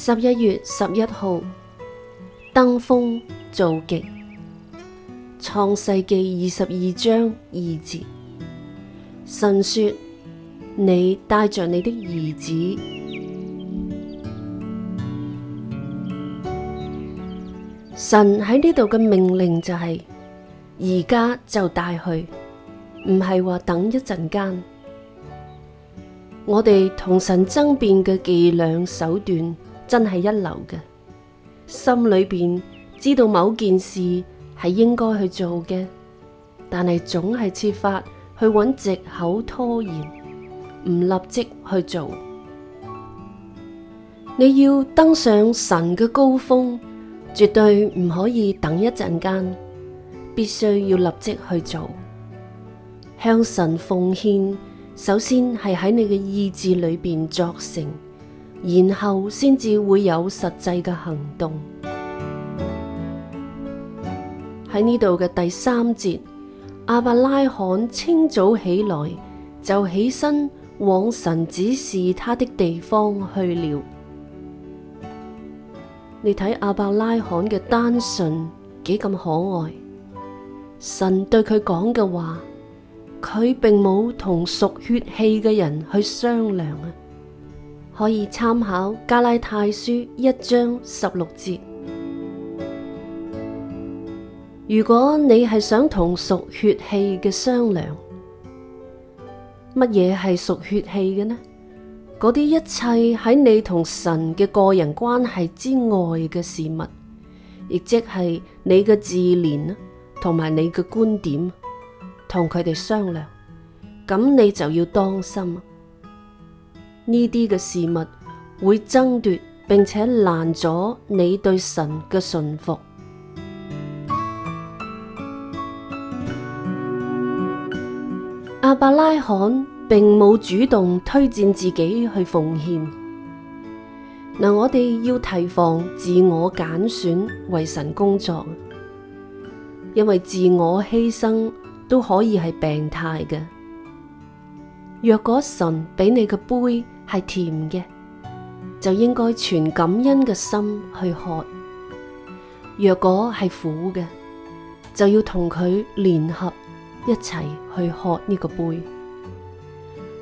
十一月十一號，登峰造極，創世記二十二章二節，神說你帶着你的兒子，神喺呢度嘅命令就係而家就帶去，唔係話等一陣間，我哋同神爭辯嘅伎倆手段。真係一流嘅，心裏邊知道某件事係應該去做嘅，但係總係設法去搵藉口拖延，唔立即去做。你要登上神嘅高峰，絕對唔可以等一陣間，必須要立即去做。向神奉獻，首先係喺你嘅意志裏邊作成。然後先至會有實際嘅行動。喺呢度嘅第三節，阿伯拉罕清早起來就起身往神指示他的地方去了。你睇阿伯拉罕嘅單純幾咁可愛，神對佢講嘅話，佢並冇同屬血氣嘅人去商量啊。可以參考加拉太書一章十六節。如果你係想同屬血氣嘅商量，乜嘢係屬血氣嘅呢？嗰啲一切喺你同神嘅個人關係之外嘅事物，亦即係你嘅自憐同埋你嘅觀點，同佢哋商量，咁你就要當心。呢啲嘅事物會爭奪，並且攔阻你對神嘅信服。亞伯拉罕並冇主動推薦自己去奉獻。嗱，我哋要提防自我揀選為神工作，因為自我犧牲都可以係病態嘅。若果神俾你嘅杯，係甜嘅，就應該存感恩嘅心去喝；若果係苦嘅，就要同佢聯合一齊去喝呢個杯。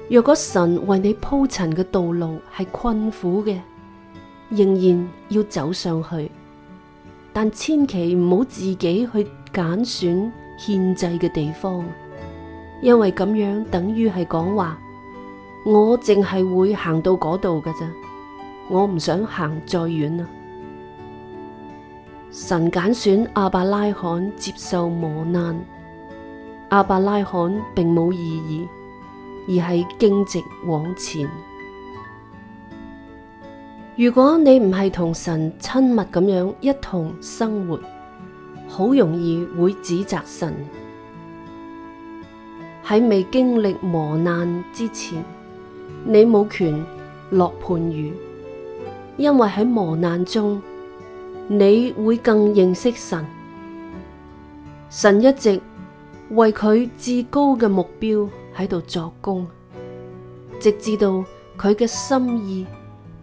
若果神為你鋪陳嘅道路係困苦嘅，仍然要走上去，但千祈唔好自己去揀選獻祭嘅地方，因為咁樣等於係講話。我淨係會行到嗰度噶咋，我唔想行再遠啦。神揀選阿伯拉罕接受磨難，阿伯拉罕並冇異議，而係徑直往前。如果你唔係同神親密咁樣一同生活，好容易會指責神喺未經歷磨難之前。你冇權落判語，因為喺磨難中你會更認識神，神一直為佢至高嘅目標喺度作工，直至到佢嘅心意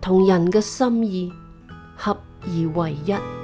同人嘅心意合而為一。